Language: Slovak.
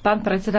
Pán predseda